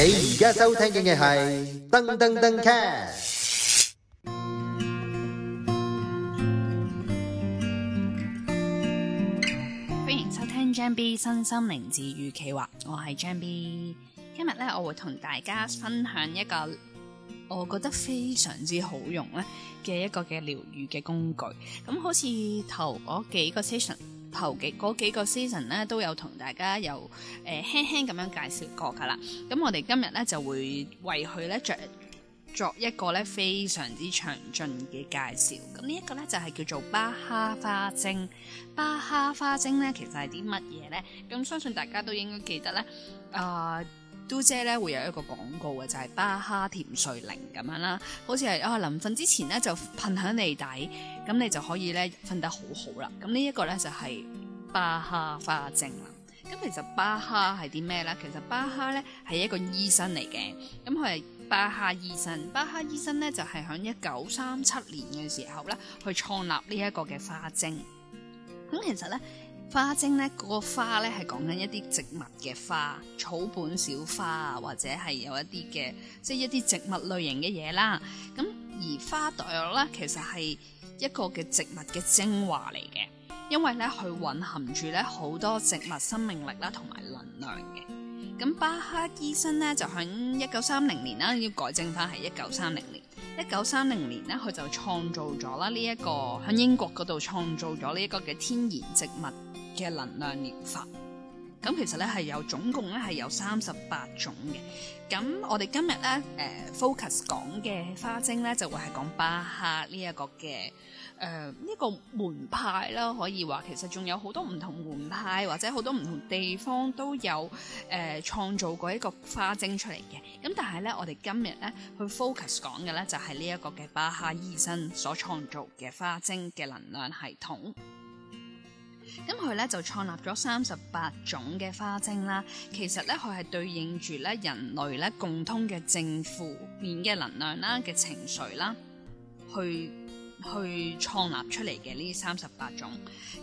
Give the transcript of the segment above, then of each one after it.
你而家收聽嘅係噔噔噔 cast。歡迎收聽 Jam B 身心靈治癒企劃，我係 Jam B。今日咧我會同大家分享一個我覺得非常之好用咧嘅一個嘅療癒嘅工具。咁好似頭嗰幾個 session 頭幾嗰幾個 season 咧都有同大家又誒輕輕咁樣介紹過㗎啦，咁我哋今日咧就會為佢咧著作一個咧非常之詳盡嘅介紹。咁呢一個咧就係叫做巴哈花精。巴哈花精咧其實係啲乜嘢咧？咁相信大家都應該記得咧，啊。Uh, 嘟姐咧會有一個廣告嘅，就係、是、巴哈甜睡靈咁樣啦，好似係啊臨瞓之前咧就噴喺你底，咁你就可以咧瞓得好好啦。咁呢一個咧就係巴哈花精啦。咁其實巴哈係啲咩咧？其實巴哈咧係一個醫生嚟嘅。咁佢係巴哈醫生，巴哈醫生咧就係響一九三七年嘅時候咧去創立呢一個嘅花精。咁其實咧。花精咧，呢個花咧係講緊一啲植物嘅花，草本小花啊，或者係有一啲嘅，即係一啲植物類型嘅嘢啦。咁而花代藥咧，其實係一個嘅植物嘅精華嚟嘅，因為咧佢蘊含住咧好多植物生命力啦，同埋能量嘅。咁巴哈醫生咧就喺一九三零年啦，要改正返係一九三零年。一九三零年咧，佢就創造咗啦呢一個喺英國嗰度創造咗呢一個嘅天然植物嘅能量療法，咁其實咧係有總共咧係有三十八種嘅。咁我哋今日咧誒 focus 講嘅花精咧就會係講巴哈呢一個嘅誒呢個門派啦。可以話其實仲有好多唔同門派或者好多唔同地方都有誒、呃、創造過一個花精出嚟嘅。咁但係咧我哋今日咧去 focus 講嘅咧就係呢一個嘅巴哈醫生所創造嘅花精嘅能量系統。咁佢咧就創立咗三十八種嘅花精啦，其實咧佢係對應住咧人類咧共通嘅正負面嘅能量啦嘅情緒啦，去去創立出嚟嘅呢三十八種，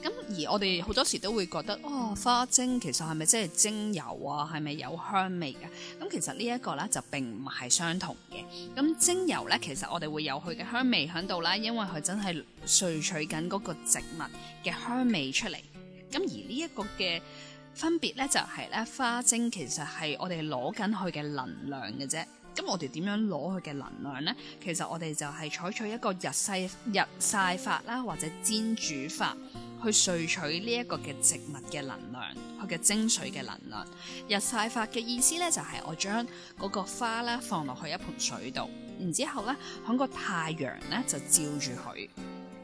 咁而我哋好多時都會覺得，哦，花精其實係咪即係精油啊？係咪有香味㗎？咁其實呢一個咧就並唔係相同嘅。咁精油咧，其實我哋會有佢嘅香味喺度啦，因為佢真係萃取緊嗰個植物嘅香味出嚟。咁而呢一個嘅分別咧，就係咧花精其實係我哋攞緊佢嘅能量嘅啫。咁我哋點樣攞佢嘅能量呢？其實我哋就係採取一個日曬日曬法啦，或者煎煮法去萃取呢一個嘅植物嘅能量，佢嘅精髓嘅能量。日曬法嘅意思呢，就係我將嗰個花咧放落去一盆水度，然之後呢，響個太陽呢就照住佢，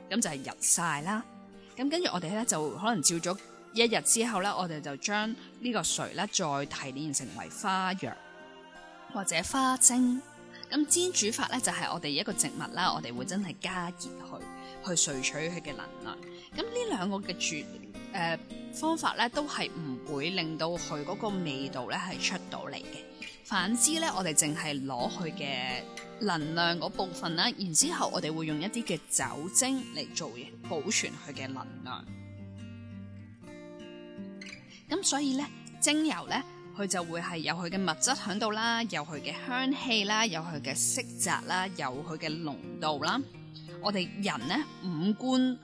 咁就係日曬啦。咁跟住我哋咧就可能照咗一日之後呢，我哋就將呢個水呢再提煉成為花藥。或者花精咁煎煮法咧，就係、是、我哋一個植物啦。我哋會真係加熱佢去萃取佢嘅能量。咁呢兩個嘅煮誒、呃、方法咧，都係唔會令到佢嗰個味道咧係出到嚟嘅。反之咧，我哋淨係攞佢嘅能量嗰部分啦，然之後我哋會用一啲嘅酒精嚟做嘢保存佢嘅能量。咁所以咧，精油咧，佢就會係有佢嘅物質喺度啦，有佢嘅香氣啦，有佢嘅色澤啦，有佢嘅濃度啦。我哋人呢五官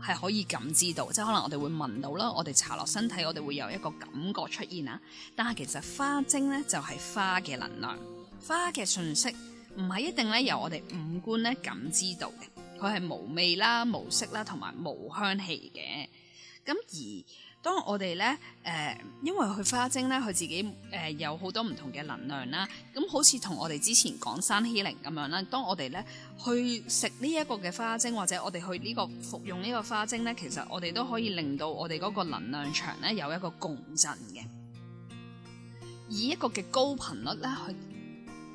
係可以感知到，即係可能我哋會聞到啦，我哋搽落身體，我哋會有一個感覺出現啊。但係其實花精呢就係花嘅能量、花嘅信息，唔係一定咧由我哋五官咧感知到嘅。佢係無味啦、無色啦，同埋無香氣嘅。咁而當我哋咧，誒、呃，因為佢花精咧，佢自己誒、呃、有好多唔同嘅能量啦。咁、嗯、好似同我哋之前講 Sound Healing 咁樣啦。當我哋咧去食呢一個嘅花精，或者我哋去呢、這個服用呢個花精咧，其實我哋都可以令到我哋嗰個能量場咧有一個共振嘅，以一個嘅高頻率咧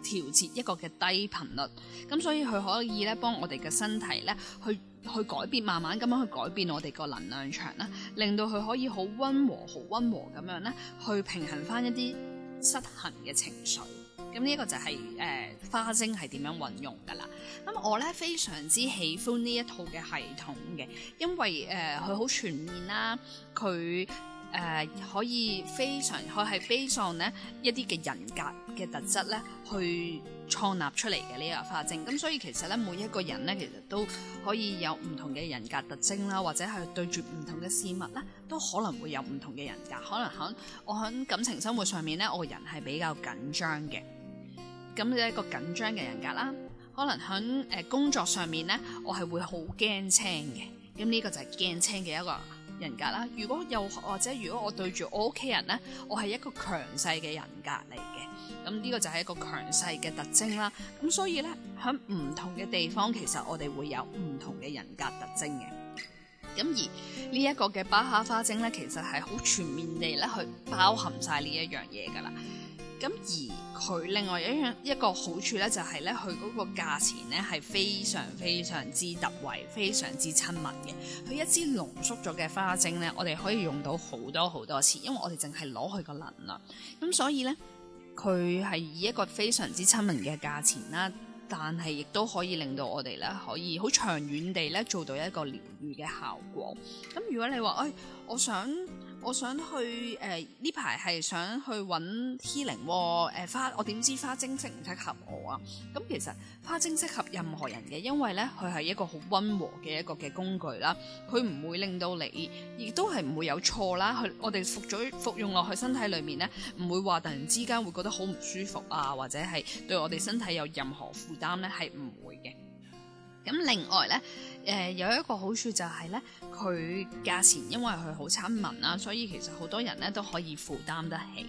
去調節一個嘅低頻率。咁、嗯、所以佢可以咧幫我哋嘅身體咧去。去改變，慢慢咁樣去改變我哋個能量場啦，令到佢可以好溫和、好溫和咁樣咧，去平衡返一啲失衡嘅情緒。咁呢一個就係、是、誒、呃、花精係點樣運用㗎喇。咁我咧非常之喜歡呢一套嘅系統嘅，因為誒佢好全面啦，佢。誒、呃、可以非常，佢係 based on 咧一啲嘅人格嘅特質咧，去創立出嚟嘅呢個花精。咁所以其實咧，每一個人咧，其實都可以有唔同嘅人格特徵啦，或者係對住唔同嘅事物咧，都可能會有唔同嘅人格。可能響我響感情生活上面咧，我人係比較緊張嘅，咁呢一個緊張嘅人格啦。可能響誒、呃、工作上面咧，我係會好驚青嘅，咁呢個就係驚青嘅一個人格啦，如果又或者如果我對住我屋企人咧，我係一個強勢嘅人格嚟嘅，咁呢個就係一個強勢嘅特徵啦。咁所以咧，喺唔同嘅地方，其實我哋會有唔同嘅人格特徵嘅。咁而呢一個嘅巴哈花精咧，其實係好全面地咧去包含晒呢一樣嘢噶啦。咁而佢另外一樣一個好處咧，就係咧佢嗰個價錢咧係非常非常之特惠、非常之親民嘅。佢一支濃縮咗嘅花精咧，我哋可以用到好多好多次，因為我哋淨係攞佢個能量。咁所以咧，佢係以一個非常之親民嘅價錢啦，但係亦都可以令到我哋咧可以好長遠地咧做到一個療愈嘅效果。咁如果你話，哎，我想。我想去誒呢排係想去揾 healing 喎、呃、花，我點知花精適唔適合我啊？咁、啊、其實花精適合任何人嘅，因為咧佢係一個好溫和嘅一個嘅工具啦，佢唔會令到你，亦都係唔會有錯啦。佢我哋服咗服用落去身體裏面咧，唔會話突然之間會覺得好唔舒服啊，或者係對我哋身體有任何負擔咧，係唔會嘅。咁、啊、另外咧。誒、呃、有一個好處就係咧，佢價錢因為佢好親民啦，所以其實好多人咧都可以負擔得起。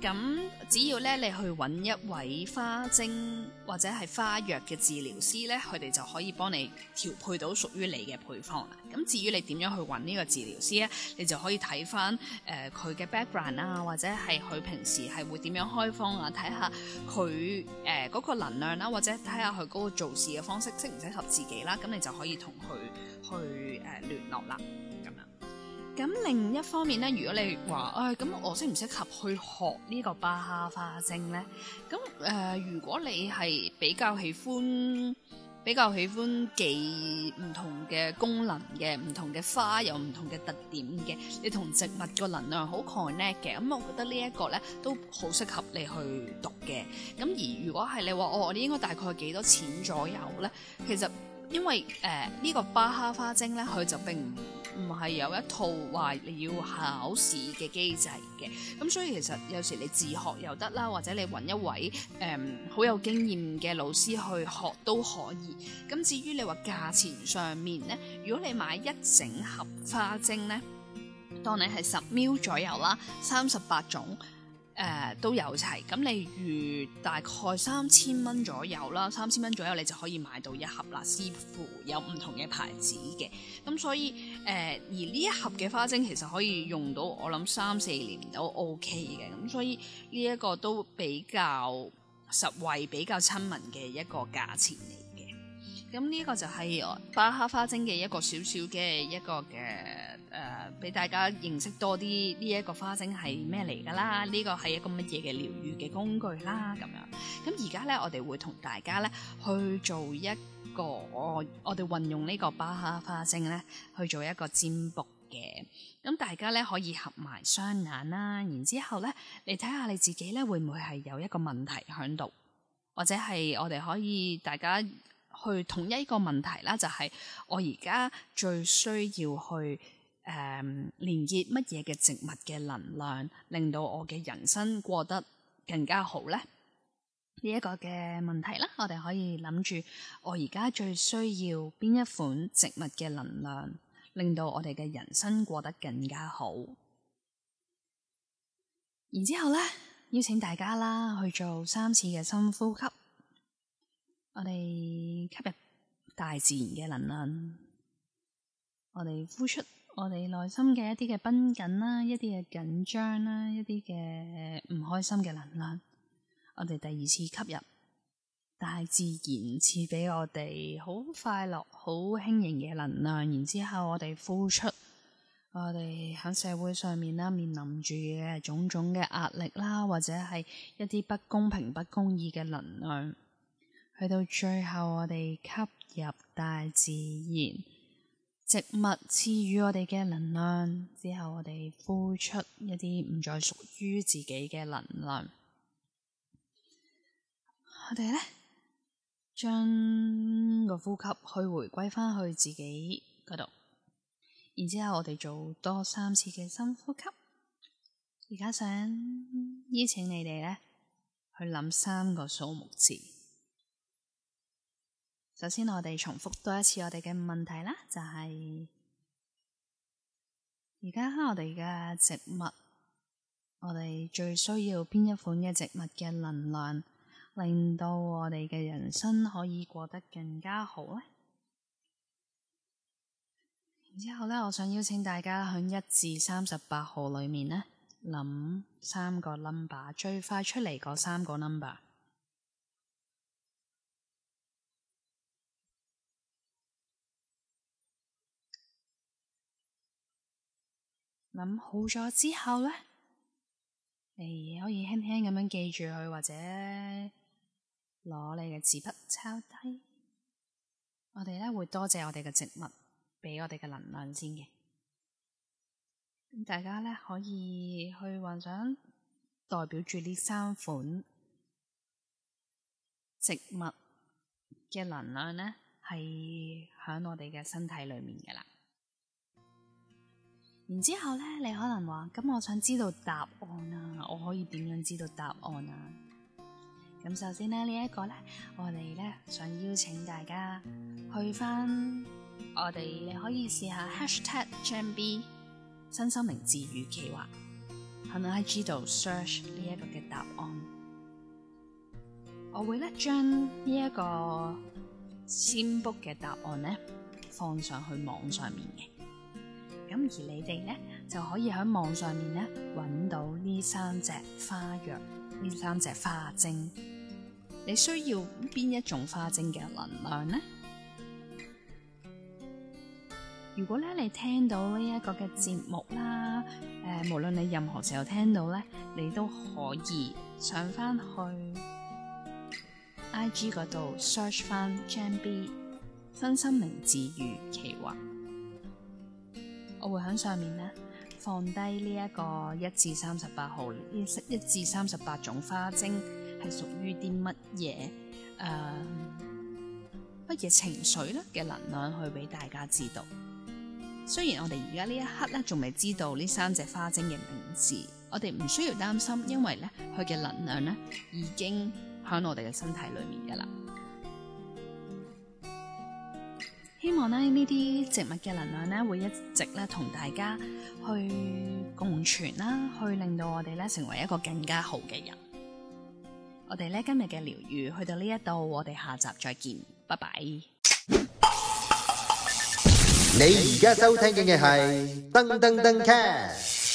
咁只要咧，你去揾一位花精或者係花藥嘅治療師咧，佢哋就可以幫你調配到屬於你嘅配方啦。咁至於你點樣去揾呢個治療師咧，你就可以睇翻誒佢嘅 background 啊，或者係佢平時係會點樣開方啊，睇下佢誒嗰個能量啦、啊，或者睇下佢嗰個做事嘅方式，適唔適合自己啦、啊。咁你就可以同佢去誒、呃、聯絡啦。咁另一方面咧，如果你話，誒、哎、咁我適唔適合去學呢個巴哈花精咧？咁誒、呃，如果你係比較喜歡比較喜歡幾唔同嘅功能嘅唔同嘅花，有唔同嘅特點嘅，你同植物個能量好 connect 嘅，咁我覺得呢一個咧都好適合你去讀嘅。咁而如果係你話，我我呢應該大概幾多錢左右咧？其實因為誒呢、呃這個巴哈花精咧，佢就並唔。唔係有一套話你要考試嘅機制嘅，咁所以其實有時你自學又得啦，或者你揾一位誒好、嗯、有經驗嘅老師去學都可以。咁至於你話價錢上面呢，如果你買一整盒花精呢，當你係 10ml 左右啦，三十八種。誒、uh, 都有齊，咁例如大概三千蚊左右啦，三千蚊左右你就可以買到一盒啦，似乎有唔同嘅牌子嘅，咁、嗯、所以誒、呃、而呢一盒嘅花精其實可以用到我諗三四年都 OK 嘅，咁、嗯、所以呢一個都比較實惠、比較親民嘅一個價錢嚟嘅，咁呢個就係巴哈花精嘅一個少少嘅一個嘅。誒，俾、呃、大家認識多啲呢一個花精係咩嚟㗎啦？呢、這個係一個乜嘢嘅療愈嘅工具啦，咁樣咁而家呢，我哋會同大家呢去做一個我哋運用呢個巴哈花精呢去做一個占卜嘅咁，大家呢可以合埋雙眼啦，然之後呢，你睇下你自己呢會唔會係有一個問題喺度，或者係我哋可以大家去統一個問題啦，就係、是、我而家最需要去。誒、um, 連結乜嘢嘅植物嘅能量，令到我嘅人生過得更加好咧？呢一個嘅問題啦，我哋可以諗住我而家最需要邊一款植物嘅能量，令到我哋嘅人生過得更加好。然之後咧，邀請大家啦去做三次嘅深呼吸，我哋吸入大自然嘅能量，我哋呼出。我哋內心嘅一啲嘅繃緊啦，一啲嘅緊張啦，一啲嘅唔開心嘅能量，我哋第二次吸入大自然賜俾我哋好快樂、好輕盈嘅能量，然之後我哋呼出，我哋喺社會上面啦面臨住嘅種種嘅壓力啦，或者係一啲不公平、不公義嘅能量，去到最後我哋吸入大自然。植物賜予我哋嘅能量之後，我哋呼出一啲唔再屬於自己嘅能量。我哋咧將個呼吸去回歸翻去自己嗰度，然之後我哋做多三次嘅深呼吸。而家想邀請你哋咧去諗三個數目字。首先，我哋重複多一次我哋嘅問題啦，就係而家我哋嘅植物，我哋最需要邊一款嘅植物嘅能量，令到我哋嘅人生可以過得更加好咧。然之後咧，我想邀請大家響一至三十八號裏面咧，諗三個 number，最快出嚟嗰三個 number。咁好咗之後咧，你可以輕輕咁樣記住佢，或者攞你嘅紙筆抄低。我哋咧會多謝我哋嘅植物畀我哋嘅能量先嘅。大家咧可以去幻想代表住呢三款植物嘅能量咧，係響我哋嘅身體裏面嘅啦。然之後咧，你可能話：咁、嗯、我想知道答案啊！我可以點樣知道答案啊？咁首先咧，這個、呢一個咧，我哋咧想邀請大家去返，我哋你可以試下「hashtag #GemB 新生名字與企劃喺呢個 I G 度 search 呢一個嘅答案。我會咧將呢一個占卜嘅答案咧放上去網上面嘅。咁而你哋咧就可以喺網上面咧搵到呢三隻花藥，呢三隻花精。你需要邊一種花精嘅能量呢？如果咧你聽到呢一個嘅節目啦，誒、呃，無論你任何時候聽到咧，你都可以上翻去 I G 嗰度 search 翻 Gem B，分心名字如其華。我會喺上面咧放低呢一個一至三十八號，呢一至三十八種花精係屬於啲乜嘢誒乜嘢情緒咧嘅能量，去俾大家知道。雖然我哋而家呢一刻咧仲未知道呢三隻花精嘅名字，我哋唔需要擔心，因為咧佢嘅能量咧已經喺我哋嘅身體裏面噶啦。希望咧呢啲植物嘅能量呢，會一直咧同大家去共存啦，去令到我哋咧成為一個更加好嘅人。我哋呢今日嘅療愈去到呢一度，我哋下集再見，拜拜。你而家收聽緊嘅係噔噔噔 c